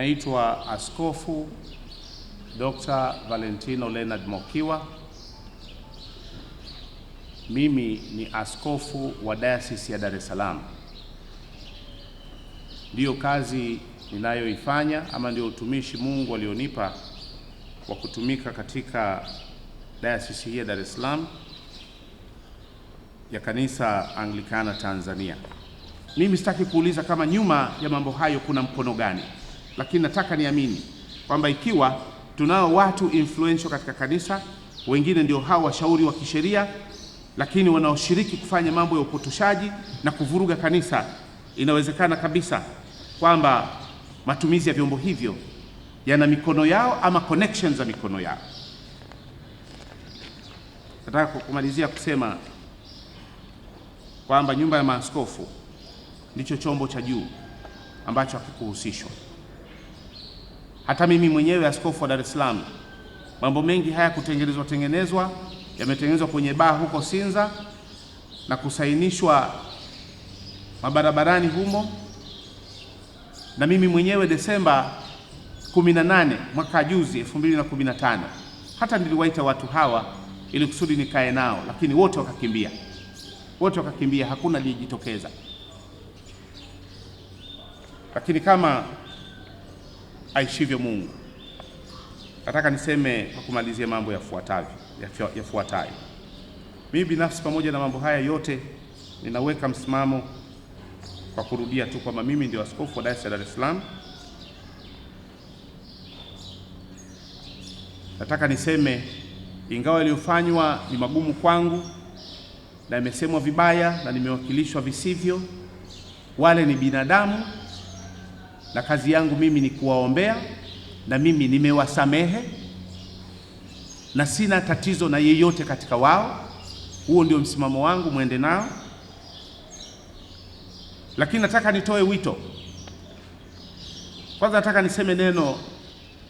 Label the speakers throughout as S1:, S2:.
S1: naitwa Askofu Dr. Valentino Leonard Mokiwa. Mimi ni askofu wa Dayosisi ya Dar es Salaam. Ndiyo kazi ninayoifanya ama ndio utumishi Mungu alionipa wa kutumika katika Dayosisi hii ya Dar es Salaam ya Kanisa Anglikana Tanzania. Mimi sitaki kuuliza kama nyuma ya mambo hayo kuna mkono gani lakini nataka niamini kwamba ikiwa tunao watu influential katika kanisa, wengine ndio hao washauri wa kisheria, lakini wanaoshiriki kufanya mambo ya upotoshaji na kuvuruga kanisa, inawezekana kabisa kwamba matumizi ya vyombo hivyo yana mikono yao ama connections za mikono yao. Nataka kumalizia kusema kwamba nyumba ya maaskofu ndicho chombo cha juu ambacho hakikuhusishwa. Hata mimi mwenyewe askofu wa Dar es Salaam, mambo mengi haya kutengenezwa tengenezwa yametengenezwa kwenye baa huko Sinza na kusainishwa mabarabarani humo, na mimi mwenyewe Desemba 18 mwaka juzi 2015 hata niliwaita watu hawa ili kusudi nikae nao, lakini wote wakakimbia, wote wakakimbia, hakuna aliyejitokeza. Lakini kama aishivyo Mungu. Nataka niseme kwa kumalizia mambo yafuatayo yafuatayo. Mimi binafsi pamoja na mambo haya yote ninaweka msimamo kwa kurudia tu kwamba mimi ndio askofu wa Dayosisi ya Dar es Salaam. Nataka niseme ingawa yaliyofanywa ni magumu kwangu na imesemwa vibaya na nimewakilishwa visivyo, wale ni binadamu na kazi yangu mimi ni kuwaombea, na mimi nimewasamehe na sina tatizo na yeyote katika wao. Huo ndio msimamo wangu, mwende nao, lakini nataka nitoe wito. Kwanza nataka niseme neno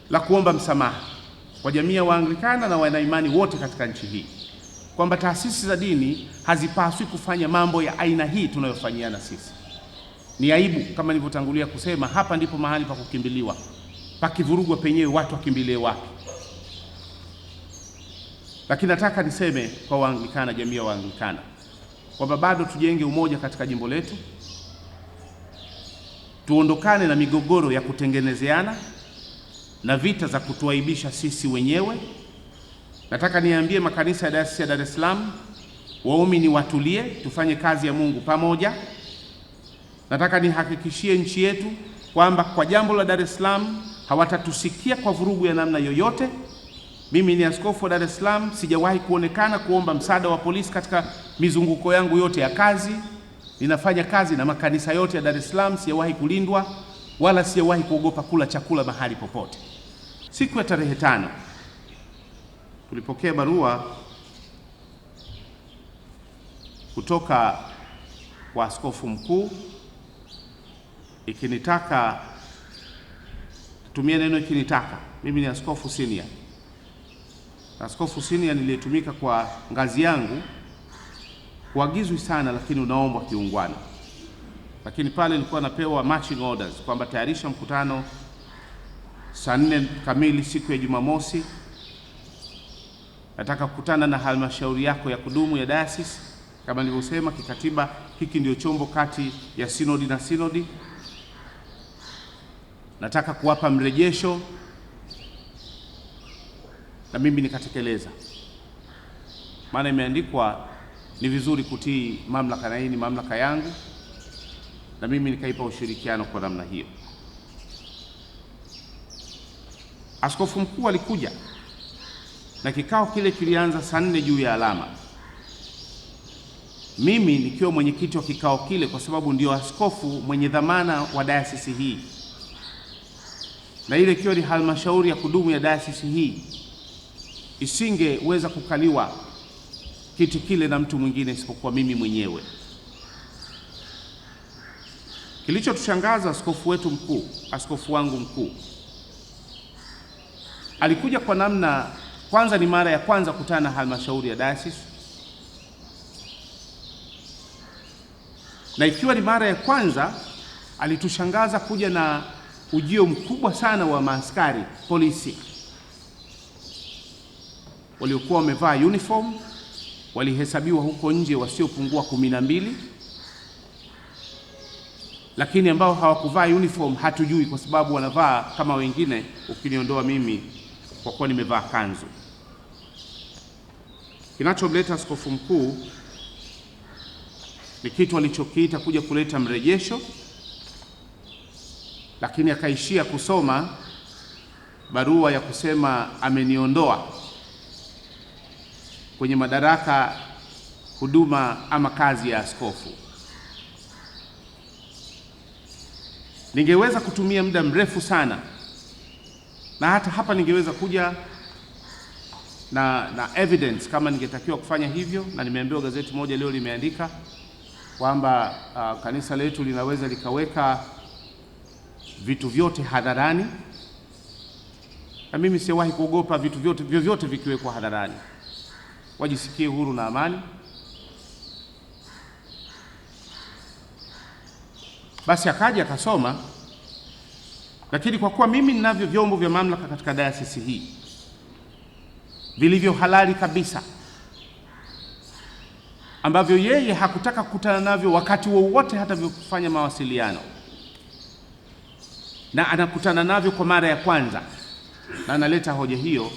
S1: la kuomba msamaha kwa jamii ya Waanglikana na wanaimani wote katika nchi hii kwamba taasisi za dini hazipaswi kufanya mambo ya aina hii tunayofanyiana sisi. Ni aibu kama nilivyotangulia kusema, hapa ndipo mahali pa kukimbiliwa. Pakivurugwa penyewe watu wakimbilie wapi? Lakini nataka niseme kwa Waanglikana, jamii ya Waanglikana kwamba bado tujenge umoja katika jimbo letu, tuondokane na migogoro ya kutengenezeana na vita za kutuaibisha sisi wenyewe. Nataka niambie makanisa ya Dayosisi ya Dar es Salaam, waumini watulie, tufanye kazi ya Mungu pamoja. Nataka nihakikishie nchi yetu kwamba kwa jambo la Dar es Salaam hawatatusikia kwa vurugu ya namna yoyote. Mimi ni askofu wa Dar es Salaam, sijawahi kuonekana kuomba msaada wa polisi katika mizunguko yangu yote ya kazi. Ninafanya kazi na makanisa yote ya Dar es Salaam, sijawahi kulindwa wala sijawahi kuogopa kula chakula mahali popote. Siku ya tarehe tano tulipokea barua kutoka kwa askofu mkuu ikinitaka tumia neno ikinitaka. Mimi ni askofu senior, askofu senior niliyetumika kwa ngazi yangu huagizwi sana, lakini unaombwa kiungwana. Lakini pale nilikuwa napewa marching orders kwamba tayarisha mkutano saa nne kamili siku ya Jumamosi, nataka kukutana na halmashauri yako ya kudumu ya dayosisi. Kama nilivyosema kikatiba, hiki ndio chombo kati ya sinodi na sinodi nataka kuwapa mrejesho na mimi nikatekeleza, maana imeandikwa ni vizuri kutii mamlaka, na hii ni mamlaka yangu, na mimi nikaipa ushirikiano kwa namna hiyo. Askofu mkuu alikuja na kikao kile kilianza saa nne juu ya alama, mimi nikiwa mwenyekiti wa kikao kile, kwa sababu ndio askofu mwenye dhamana wa dayasisi hii na ile ikiwa ni halmashauri ya kudumu ya dayosisi hii isingeweza kukaliwa kiti kile na mtu mwingine isipokuwa mimi mwenyewe. Kilichotushangaza, askofu wetu mkuu, askofu wangu mkuu alikuja kwa namna, kwanza ni mara ya kwanza kutana na halmashauri ya dayosisi, na ikiwa ni mara ya kwanza alitushangaza kuja na ujio mkubwa sana wa maaskari polisi waliokuwa wamevaa uniform walihesabiwa huko nje wasiopungua kumi na mbili, lakini ambao hawakuvaa uniform hatujui, kwa sababu wanavaa kama wengine, ukiniondoa mimi kwa kuwa nimevaa kanzu. Kinachomleta askofu mkuu ni kitu alichokiita kuja kuleta mrejesho lakini akaishia kusoma barua ya kusema ameniondoa kwenye madaraka, huduma ama kazi ya askofu. Ningeweza kutumia muda mrefu sana na hata hapa ningeweza kuja na, na evidence kama ningetakiwa kufanya hivyo, na nimeambiwa gazeti moja leo limeandika kwamba uh, kanisa letu linaweza likaweka vitu vyote hadharani, na mimi siwahi kuogopa vitu vyote vyovyote vikiwekwa hadharani, wajisikie huru na amani. Basi akaja akasoma, lakini kwa kuwa mimi ninavyo vyombo vya mamlaka katika dayasisi hii vilivyo halali kabisa ambavyo yeye hakutaka kukutana navyo wakati wowote wa hata vya mawasiliano na anakutana navyo kwa mara ya kwanza na analeta hoja hiyo,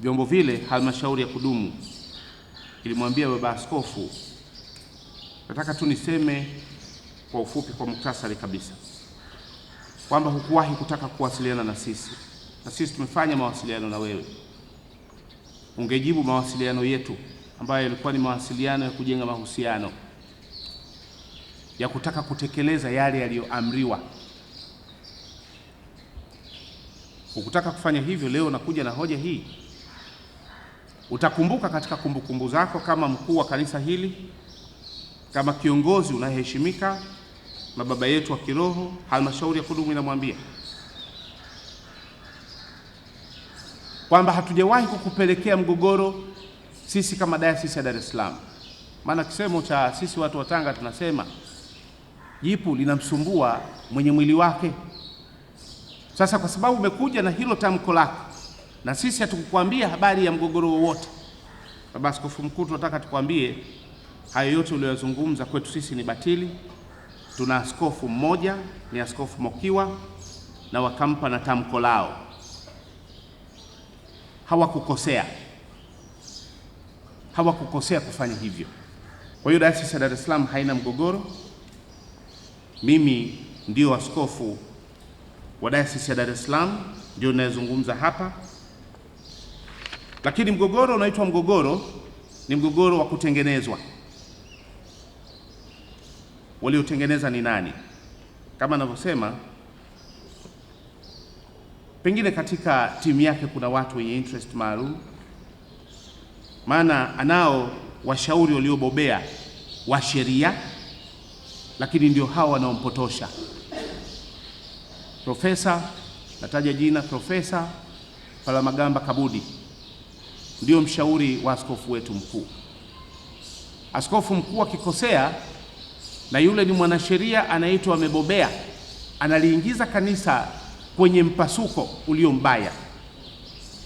S1: vyombo vile, halmashauri ya kudumu ilimwambia baba askofu, nataka tu niseme kwa ufupi, kwa muktasari kabisa, kwamba hukuwahi kutaka kuwasiliana na sisi na sisi tumefanya mawasiliano na wewe, ungejibu mawasiliano yetu ambayo yalikuwa ni mawasiliano ya kujenga mahusiano ya kutaka kutekeleza yale yaliyoamriwa. Ukutaka kufanya hivyo, leo nakuja na hoja hii. Utakumbuka katika kumbukumbu zako kama mkuu wa kanisa hili, kama kiongozi unayeheshimika na baba yetu wa kiroho, halmashauri ya kudumu inamwambia kwamba hatujawahi kukupelekea mgogoro sisi kama dayosisi ya Dar es Salaam, maana kisemo cha sisi watu wa Tanga tunasema jipu linamsumbua mwenye mwili wake. Sasa kwa sababu umekuja na hilo tamko lako, na sisi hatukukwambia habari ya mgogoro wowote. Baba Askofu Mkuu, tunataka tukwambie hayo yote uliyozungumza kwetu sisi ni batili. Tuna askofu mmoja, ni Askofu Mokiwa, na wakampa na tamko lao, hawakukosea hawakukosea kufanya hivyo. Kwa hiyo Dayosisi ya Dar es Salaam haina mgogoro mimi ndio askofu wa Dayosisi ya Dar es Salaam, ndio ninayezungumza hapa. Lakini mgogoro unaitwa mgogoro, ni mgogoro wa kutengenezwa. Waliotengeneza ni nani? Kama anavyosema, pengine katika timu yake kuna watu wenye interest maalum, maana anao washauri waliobobea wa sheria lakini ndio hawa wanaompotosha. Profesa, nataja jina, Profesa Palamagamba Kabudi ndio mshauri wa askofu wetu mkuu. Askofu mkuu akikosea, na yule ni mwanasheria anaitwa amebobea, analiingiza kanisa kwenye mpasuko ulio mbaya.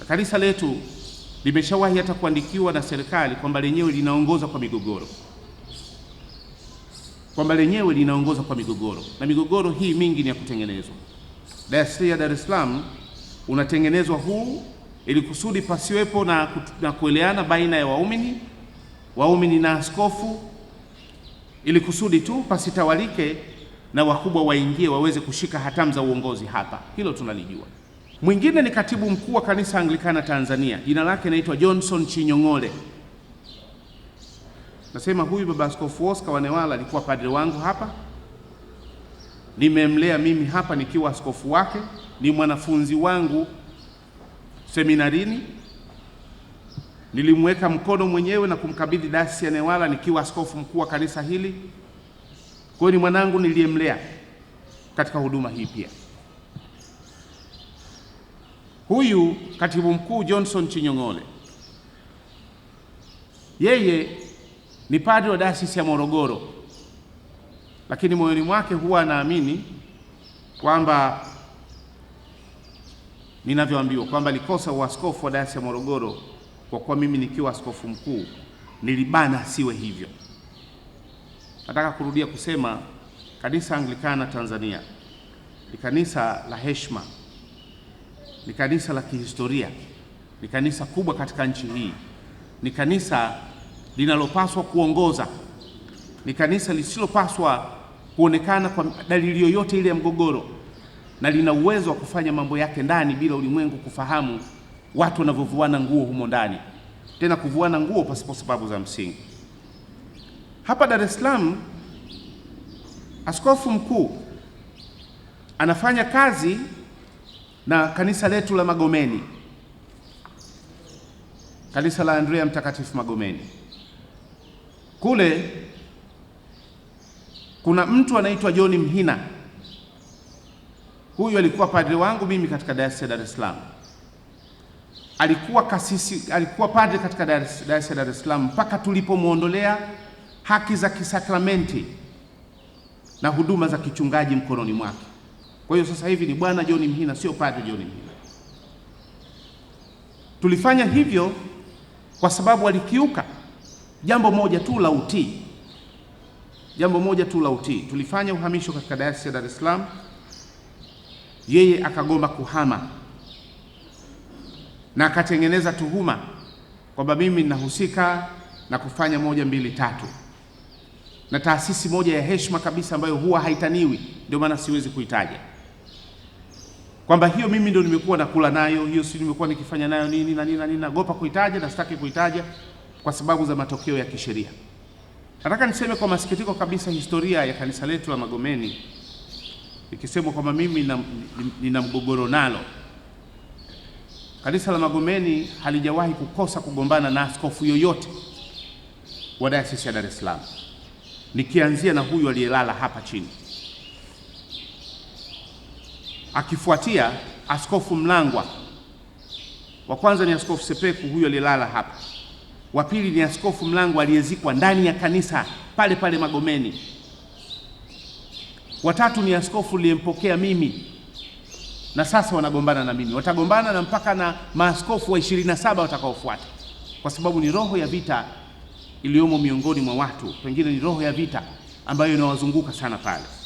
S1: Kanisa letu limeshawahi hata kuandikiwa na serikali kwamba lenyewe linaongoza kwa migogoro kwamba lenyewe linaongoza kwa migogoro, na migogoro hii mingi ni ya kutengenezwa. ya Dar es Salaam unatengenezwa huu ili kusudi pasiwepo na, na kueleana baina ya waumini waumini na askofu, ili kusudi tu pasitawalike na wakubwa waingie waweze kushika hatamu za uongozi hapa. Hilo tunalijua. Mwingine ni katibu mkuu wa kanisa Anglikana Tanzania, jina lake inaitwa Johnson Chinyong'ole. Nasema huyu baba askofu Oscar Wanewala alikuwa padre wangu hapa, nimemlea mimi hapa nikiwa askofu wake, ni mwanafunzi wangu seminarini, nilimweka mkono mwenyewe na kumkabidhi dasi ya Newala nikiwa askofu mkuu wa kanisa hili. Kwa hiyo ni mwanangu niliyemlea katika huduma hii. Pia huyu katibu mkuu Johnson Chinyong'ole, yeye ni padri wa dayosisi ya Morogoro, lakini moyoni mwake huwa anaamini kwamba ninavyoambiwa kwamba likosa uaskofu wa dayosisi ya Morogoro kwa kuwa mimi nikiwa askofu mkuu nilibana siwe hivyo. Nataka kurudia kusema kanisa Anglikana Tanzania ni kanisa la heshima, ni kanisa la kihistoria, ni kanisa kubwa katika nchi hii, ni kanisa linalopaswa kuongoza ni kanisa lisilopaswa kuonekana kwa dalili yoyote ile ya mgogoro, na lina uwezo wa kufanya mambo yake ndani bila ulimwengu kufahamu watu wanavyovuana nguo humo ndani, tena kuvuana nguo pasipo sababu za msingi. Hapa Dar es Salaam, askofu mkuu anafanya kazi na kanisa letu la Magomeni, kanisa la Andrea Mtakatifu Magomeni. Kule kuna mtu anaitwa John Mhina, huyu alikuwa padri wangu mimi katika dayosisi ya Dar es Salaam. Alikuwa kasisi, alikuwa padri katika dayosisi ya Dar es Salaam mpaka tulipomwondolea haki za kisakramenti na huduma za kichungaji mkononi mwake. Kwa hiyo sasa hivi ni bwana John Mhina, sio padri John Mhina. Tulifanya hivyo kwa sababu alikiuka jambo moja tu la utii, jambo moja tu la utii. Tulifanya uhamisho katika dayosisi ya Dar es Salaam, yeye akagoma kuhama na akatengeneza tuhuma kwamba mimi ninahusika na kufanya moja mbili tatu, na taasisi moja ya heshima kabisa ambayo huwa haitaniwi, ndio maana siwezi kuitaja, kwamba hiyo mimi ndio nimekuwa nakula nayo hiyo, si nimekuwa nikifanya nayo nini na nini na nini, nagopa kuitaja na sitaki kuitaja kwa sababu za matokeo ya kisheria. Nataka niseme kwa masikitiko kabisa historia ya kanisa letu la Magomeni, ikisemwa kwamba mimi nina mgogoro nalo. Kanisa la Magomeni halijawahi kukosa kugombana na askofu yoyote wa dayosisi ya Dar es Salaam, nikianzia na huyu aliyelala hapa chini, akifuatia askofu Mlangwa. Wa kwanza ni askofu Sepeku, huyu aliyelala hapa wa pili ni Askofu Mlango aliyezikwa ndani ya kanisa pale pale Magomeni. Watatu ni askofu niliyempokea mimi na sasa wanagombana na mimi, watagombana na mpaka na maaskofu wa ishirini na saba watakaofuata, kwa sababu ni roho ya vita iliyomo miongoni mwa watu, pengine ni roho ya vita ambayo inawazunguka sana pale.